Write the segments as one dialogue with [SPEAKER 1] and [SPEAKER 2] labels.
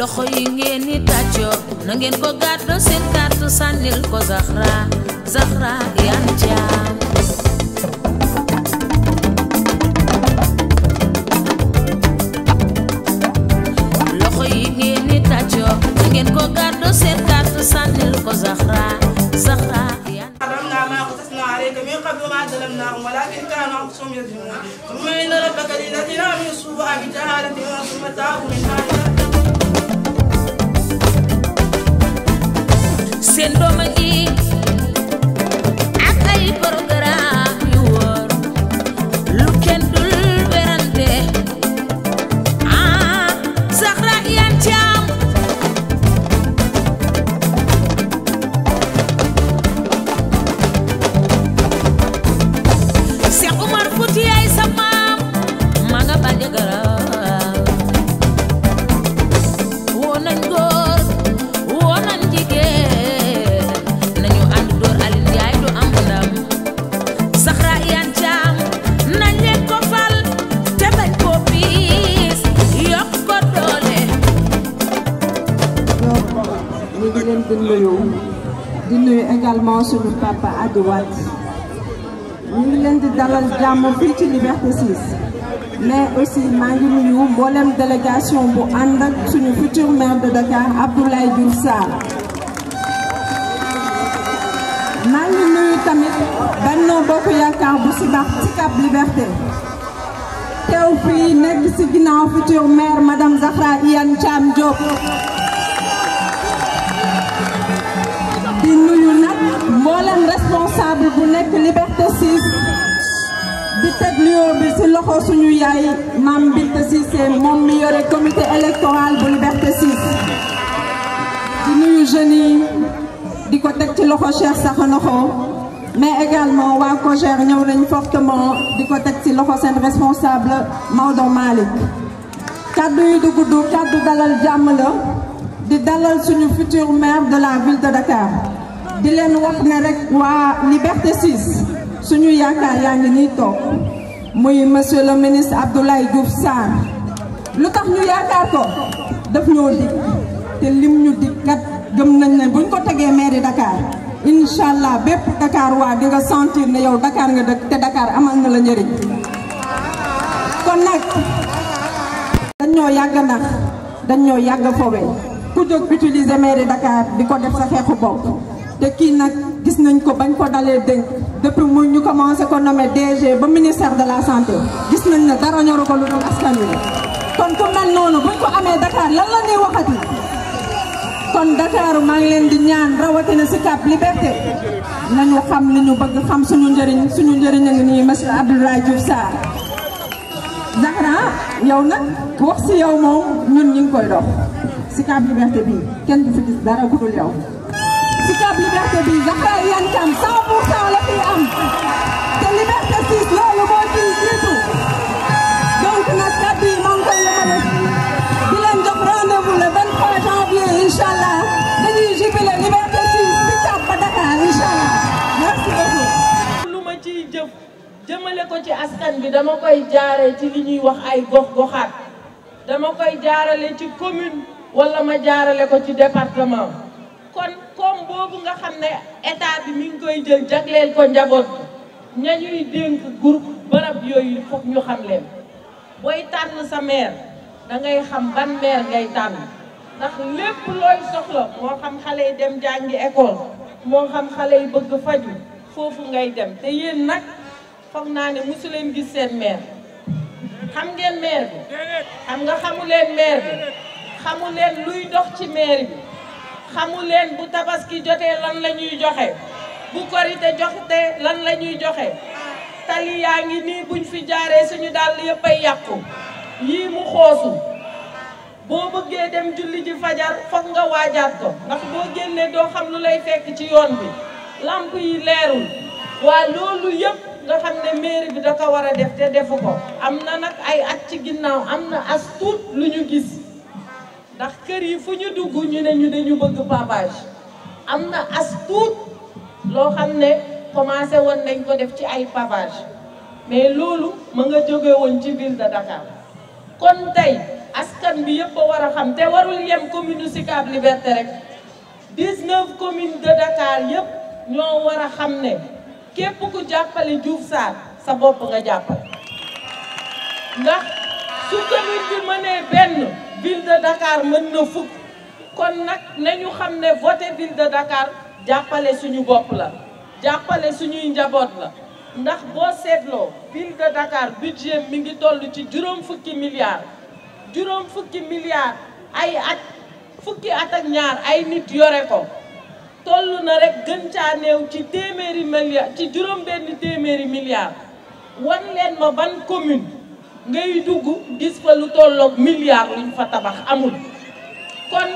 [SPEAKER 1] loxo yi ngeen ni tàccoo na ko gàddo seen kàddu sànnil ko Zahra Zahra Iyane Thiam loxo yi ngeen ni tàccoo na ngeen ko gàddo seen kàddu sànnil ko Zahra Zahra ظلمناهم ولكن كانوا أنفسهم يظلمون ثم إن ربك للذين آمنوا السوء بجهالة ثم تابوا من بعد seen doom a ngi ak ay programme
[SPEAKER 2] nuyoo di nuyu di dalal jàmm fii maa ngi nuyu mboolem délégation bu ànd suñu futur maire de Dakar Abdoulaye Diouf tamit Benno Bokk Yaakaar bu Sicap Sicap Liberté teew fii nekk ci ginnaaw futur maire madame Zahra Iyane Thiam Diop bu nekk Liberté 6 di teg ci loxo suñu yaay maam Binta Cissé moom mi yore yi di ko teg ci loxo Cheikh Sakhanoxo mais également waa COJER ñëw nañ fortement di ko teg ci loxo seen responsable Maodo Malick kaddu yi du gudd kaddu dalal jàmm la di dalal suñu futur maire de la ville de Dakar di leen wax ne rek waa Liberté 6 suñu yaakaar yaa ngi nii toog muy monsieur le ministre Abdoulaye Diouf Sarr lu tax ñu yaakaar ko daf ñoo dig te lim ñu dig gëm nañ ne buñ ko tegee mairie Dakar incha bépp Dakar waa di nga sentir ne yow Dakar nga dëkk te dakaar amal na la njëriñ kon nag dañ ñoo yàgg nax dañ ñoo yàgg fowe ku jóg utiliser mairie dakaar di ko def sa xeexu bopp. te kii nag gis nañ ko bañ ko dalee dénk depuis mu ñu commencé ko nommé DG ba ministère de la santé gis nañ ne dara ñoru ko lu askan wi kon ku mel noonu buñ ko amee Dakar lan la ñuy waxati kon Dakar maa ngi leen di ñaan rawatina si Cap Liberté nañu xam li ñu bëgg xam suñu njëriñ suñu njëriñ a ngi nii monsieur Abdoulaye Diouf Sarr Zahra yow nag wax si yow moom ñun ñu ngi koy dox si Cap Liberté bii kenn du fi gis dara ku dul Sicap Liberté bi Zahra Iyane Thiam 100 pour cent la fi am te Liberté 6 loolu moo ci jiitu donc nag kàddu yi maa koy yemale di leen jox rendez-vous le 23 janvier incha allah dañuy jubile Liberté 6 Sicap ba Dakar incha allah merci
[SPEAKER 1] beaucoup. lu ma ciy jëf jëmale ko ci askan bi dama koy jaaree ci li ñuy wax ay gox-goxaat dama koy jaarale ci commune wala ma jaarale ko ci département. kon comme boobu nga xam ne état bi mi ngi koy jël jagleel ko njaboot bi ñañuy dénk groupe barab yooyu foog ñu xam leen booy tànn sa maire da ngay xam ban maire ngay tànn ndax lépp looy soxla moo xam xale yi dem jàngi école moo xam xale yi bëgg faju foofu ngay dem te yéen nag foog naa ne mosu gis seen maire xam ngeen maire bi xam nga xamu leen maire bi xamu leen luy dox ci maire bi xamu leen bu tabaski jotee lan la ñuy joxe bu korite joxte lan la ñuy joxe tali yaa ngi nii buñ fi jaaree suñu dàll yëpp ay yàqu yii mu xoosu boo bëggee dem julli ji fajar foog nga waajaat ko ndax boo génnee doo xam lu lay fekk ci yoon bi lamp yi leerul waa loolu yëpp nga xam ne mairie bi da ko war a def te defu ko am na nag ay at ci ginnaaw am na as lu ñu gis ndax kër yi fu ñu dugg ñu ne ñu dañu bëgg pavage am na as tuut loo xam ne commencé woon nañ ko def ci ay pavage mais loolu ma nga jóge woon ci ville de Dakar kon tey askan bi yëpp a war a xam te warul yem commune Sicap Liberté rek 19 communes de Dakar yëpp ñoo war a xam ne képp ku jàppale Diouf Sarr sa bopp nga jàppale ndax su commune bi mënee benn ville de mën na fukk kon nag nañu xam ne voté ville de Dakar jàppale suñu bopp la jàppale suñuy njaboot la ndax boo seetloo ville de Dakar budget mi ngi toll ci juróom fukki milliards juróom fukki milliards ay at fukki at ak ñaar ay nit yore ko toll na rek gën caa ci téeméeri milliards ci juróom benn téeméeri milliards wan ma ban commune ngay dugg gis fa lu tolloog milliard luñ fa tabax amul kon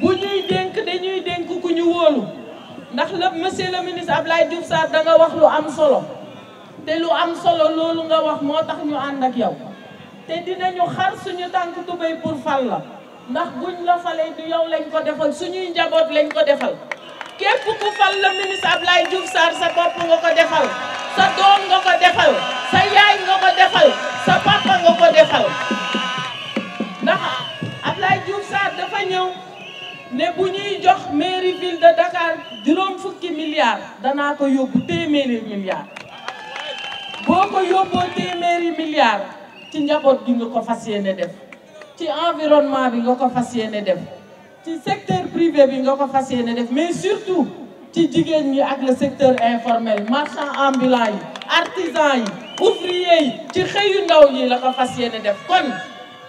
[SPEAKER 1] bu ñuy dénk dañuy dénk ku ñu wóolu ndax la monsieur le ministre Abdoulaye Diouf Sarr da nga wax lu am solo te lu am solo loolu nga wax moo tax ñu ànd ak yow te dinañu xar suñu tànk tubéy pour fal la ndax buñ la falee yow lañ ko defal suñuy njaboot lañ ko defal képp ku fal la ministre Abdoulaye Diouf Sarr sa bopp nga ko defal sa doom nga ko defal sa yaay nga ko defal sa papa nga ko defal ndax Ablaye Diouf Sarr dafa ñëw ne bu ñuy jox mairie ville de Dakar juróom fukki milliards danaa ko yóbbu téeméeri milliards boo ko yóbboo téeméeri milliards ci njaboot bi nga ko fas yéene def ci environnement bi nga ko fas yéene def ci secteur privé bi nga ko fas yéene def mais surtout ci jigéen ñi ak la secteur informel marchand ambulant yi artisan yi ouvrier yi ci xëyu ndaw yi la ko fas yéene def kon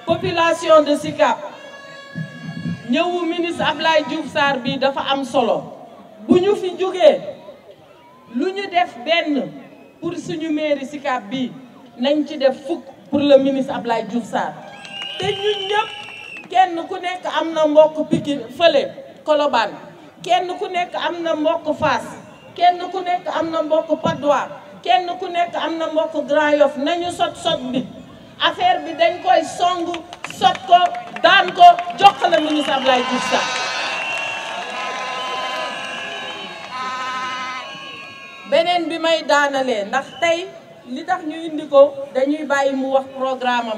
[SPEAKER 1] population de Sicap ñëwu ministre Ablaye Diouf saar bi dafa am solo bu ñu fi jógee lu ñu def benn pour suñu mairie Sicap bi nañ ci def fukk pour le ab Ablaye Diouf Sarr te ñun ñëpp kenn ku nekk am na mbokk Pikine fële Colobane kenn ku nekk am na mbokk fas kenn ku nekk am na mbokk Patte kenn ku nekk am na mbokk Grand Yoff nañu sot sot bi affaire bi dañ koy song sot ko daan ko jox ko la ministre Abdoulaye Diouf Sarr beneen bi may daanalee ndax tey li tax ñu indi ko dañuy bàyyi mu wax programme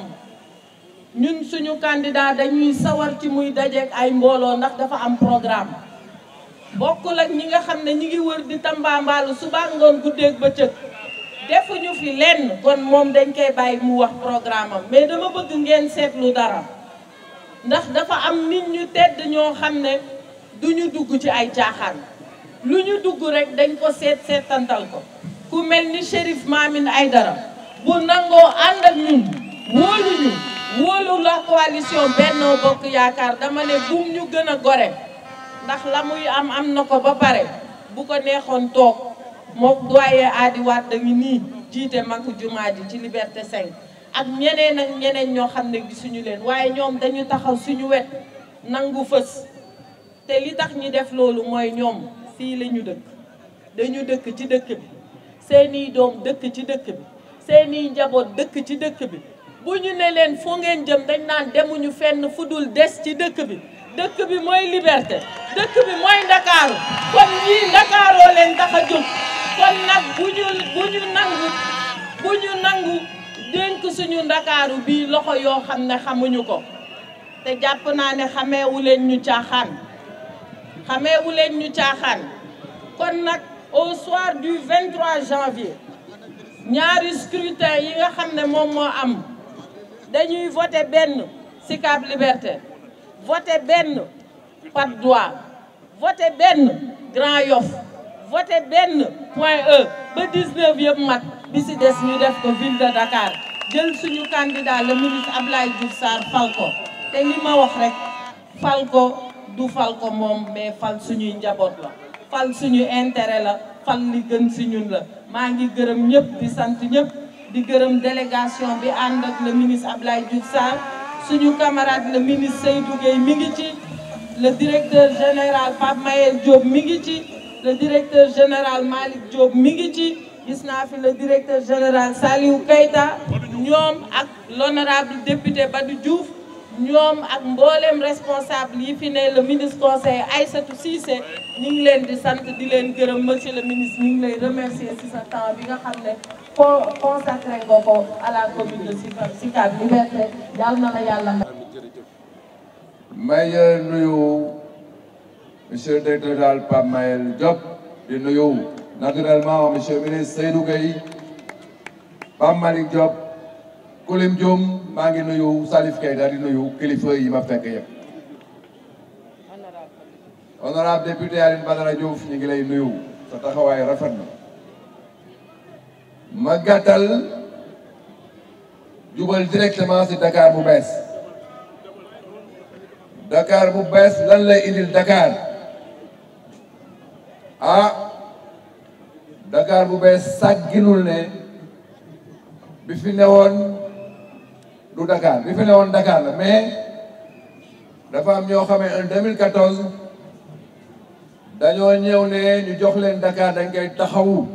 [SPEAKER 1] ñun suñu candidat dañuy sawar ci muy dajeek ay mbooloo ndax dafa am programme bokkul ak ñi nga xam ne ñi ngi wër di tambaambaalu suba ngoon guddeeg bëccëg defuñu fi lenn kon moom dañ koy bàyyi mu wax programme am mais dama bëgg ngeen seet lu dara ndax dafa am nit ñu tedd ñoo xam ne duñu dugg ci ay caaxaan lu ñu dugg rek dañ ko seet seetantal ko ku mel ni Chérif Mamine Aïdara bu nangoo ànd ak ñun wóolu ñu wóolu la coalition Benno Bokk Yaakaar dama ne bum ñu gën a gore ndax la muy am am na ko ba pare bu ko neexoon toog moo doyen Adi Wade ngi nii jiite makku jumaa ji ci liberte 5 ak ñeneen ak ñeneen ñoo xam ne gisuñu leen waaye ñoom dañu taxaw suñu wet nangu fës te li tax ñi def loolu mooy ñoom fii lañu ñu dëkk dañu dëkk ci dëkk bi seeni doom dëkk ci dëkk bi seeni njaboot dëkk ci dëkk bi bu ñu ne leen foo ngeen jëm dañ naan demuñu fenn fu dul des ci dëkk bi dëkk bi mooy liberté dëkk bi mooy ndakaaru kon ñii ndakaaroo tax a jóg kon nag bu ñu nangu bu ñu nangu dénk suñu ndakaaru bii loxo yoo xam ne xamuñu ko te jàpp naa ne xameewu leen ñu caaxaan xameewu leen ñu caaxaan kon nag au soir du 23 janvier ñaari scrutin yi nga xam ne moom moo am dañuy voté benn Sicap Liberté voté benn Patte d'Oie voté benn Grand Yoff voté benn Point E ba 19 yëpp mat bi si des ñu def ko ville de Dakar jël suñu candidat le ministre Abdoulaye Diouf Sarr fal ko te li ma wax rek fal ko du fal ko moom mais fal suñuy njaboot la fal suñu intérêt la fal li gën si ñun la maa ngi gërëm ñëpp di sant ñëpp di gërëm délégation bi ànd ak le ministre Abdoulaye Diouf Sarr suñu camarade le ministre Seydou Gueye mi ngi ci le directeur général Pape Mayel Diop mi ngi ci le directeur général Malick Diop mi ngi ci gis naa fi le directeur général Saliou Keita ñoom ak l'honorable député Badou Diouf ñoom ak mboolem responsable yi fi ne la ministre conseil Aïssatou Cissé ñu leen di sant di leen gërëm monsieur la ministre ñu lay remercier ci sa temps bi nga xam ne consacré nga ko à la commune de Sicap Liberté yàlla na yàlla may.
[SPEAKER 3] may nuyu monsieur le directeur général Pape di nuyu naturellement monsieur ministre Seydou Gueye Pape Golem Diom maa ngi nuyu Salif Keita di nuyu kilifa yi ma fekk yëpp. honorable député Aline Badara Diouf ñu ngi lay nuyu sa taxawaay rafet na. ma gàttal jubal directement ci Dakar bu bees. dakaar bu bees lan lay indil dakaar ah Dakar bu bees sàgginul ne bi fi newoon. du Dakar bi fi ne woon Dakar la mais dafa am ñoo xamee en 2014 dañoo ñëw ne ñu jox leen Dakar dañ koy taxawu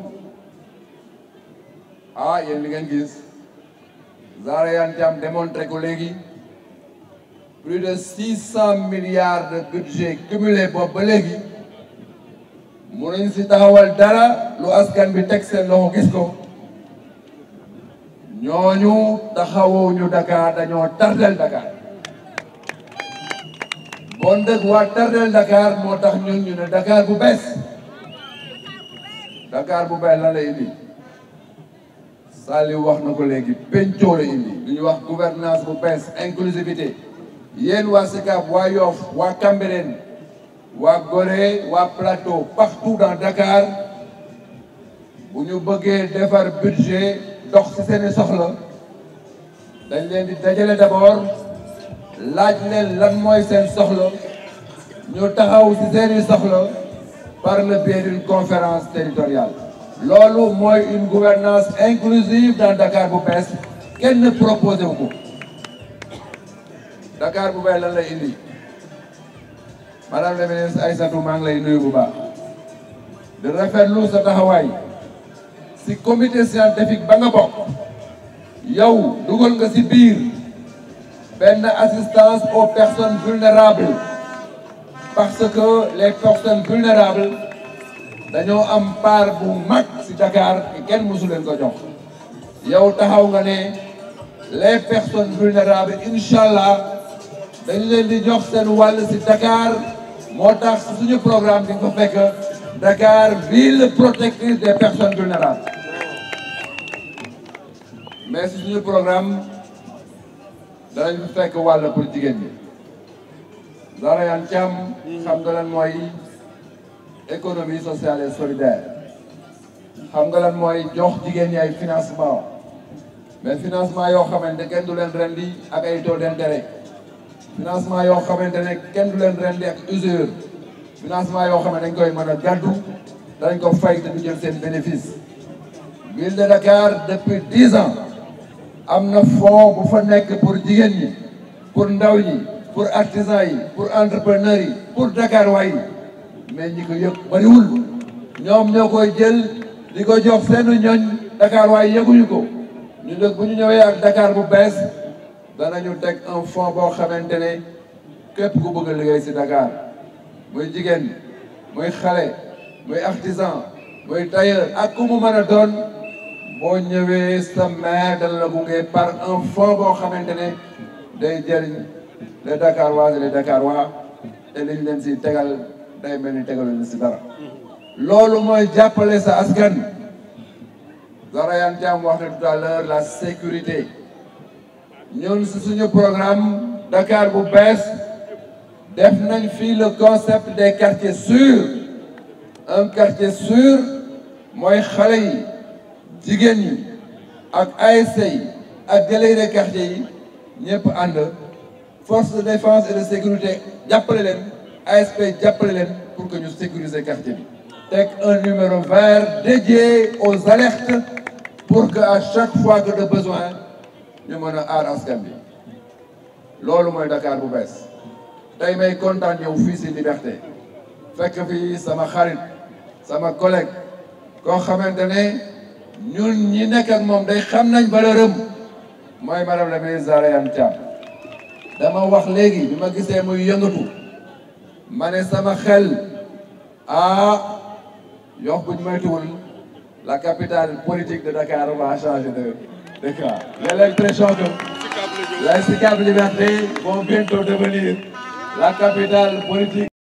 [SPEAKER 3] ah yéen li ngeen gis Zahra Iyane Thiam démontré ko léegi plus de six cent milliards de budget cumulé boobu ba léegi mënuñ si taxawal dara lu askan bi teg seen loxo gis ko ñooñu taxawuñu Dakar dañoo tardel Dakar bon dëkk waa tardel Dakar moo tax ñun ñu ne Dakar bu bees Dakar bu bees la lay indi Saliou wax na ko léegi pencoo la indi lu ñuy wax gouvernance bu bees inclusivité yéen waa Sicap waa Yoff waa Cambérène waa Gorée waa Plateau partout dans Dakar bu ñu bëggee defar budget dox ci seeni soxla dañ leen di dajale d'abord laaj leen lan mooy seen soxla ñu taxaw ci seeni soxla par le biais d'une conférence territoriale loolu mooy une gouvernance inclusive dans Dakar bu bees kenn proposé wu ko Dakar bu bees lan lay indi madame la ministre Aïssatou maa lay nuyu bu baax di rafetlu sa taxawaay ci comité scientifique ba nga bokk yow dugal nga si biir benn assistance aux personnes vulnérables parce que les personnes vulnérables dañoo am part bu mag si Dakar te kenn mësu ko jox yow taxaw nga ne les personnes vulnérables incha allah dañu leen di jox seen wàll si Dakar moo tax suñu programme bi nga ko fekk Dakar ville protectrice des personnes vulnérables mais si suñu programme danañ fi fekk wàll pour jigéen bi Zahra Iyane Thiam xam nga lan mooy économie sociale et solidaire xam nga lan mooy jox jigéen ñi ay financement mais financement yoo xamante kenn du leen rendi ak ay taux d'intérêt financement yoo xamante ne kenn du leen rendi ak usure financement yoo xamante dañ koy mën a gàddu dañ ko fay te du jël seen bénéfice ville de Dakar depuis dix ans am na fond bu fa nekk pour jigéen ñi pour ndaw ñi pour artisan yi pour entrepreneur yi pour Dakar waay yi mais ñi ko yëg bariwul ñoom ñoo koy jël di ko jox seeni ñooñ Dakar waay yëguñu ko ñu nag bu ñu ñëwee ak Dakar bu bees danañu teg un fond boo xamante ne képp ku bëgg a liggéey Dakar muy jigéen muy xale muy artisan muy tailleur ak ku mu mën boo ñëwee sa maire dana la gunge par un fond boo xamante ne day jëriñ les Dakaroises et les Dakarois te liñ leen si tegal day mel ni tegalu leen si dara loolu mooy jàppale sa askan Zahra Thiam wax na la sécurité ñun si suñu programme dakaar bu bees def nañ fii le concept des quartiers sûrs un quartier sûr mooy xale yi jigéen ñi ak ASC yi ak délégués yi ñëpp ànd force de france et de sécurité jàppale leen ASP jàppale leen pour que ñu sécuriser quartier bi teg un numéro vert dédié aux alertes pour que à chaque fois que de besoin ñu mën a aar askan bi loolu mooy Dakar bu bees tey may kontaan ñëw fii si liberté fekk fii sama xarit sama collègue koo xamante ne ñun ñi nekk ak moom day xam nañ valeur am mooy madame la ministre Zahra Iyane dama wax léegi bi ma gisee muy yëngatu ma ne sama xel ah yox buñ moytuwul la capitale politique de Dakar va de de cas. léeg-léeg très choc la Sicap Liberté la capitale politique.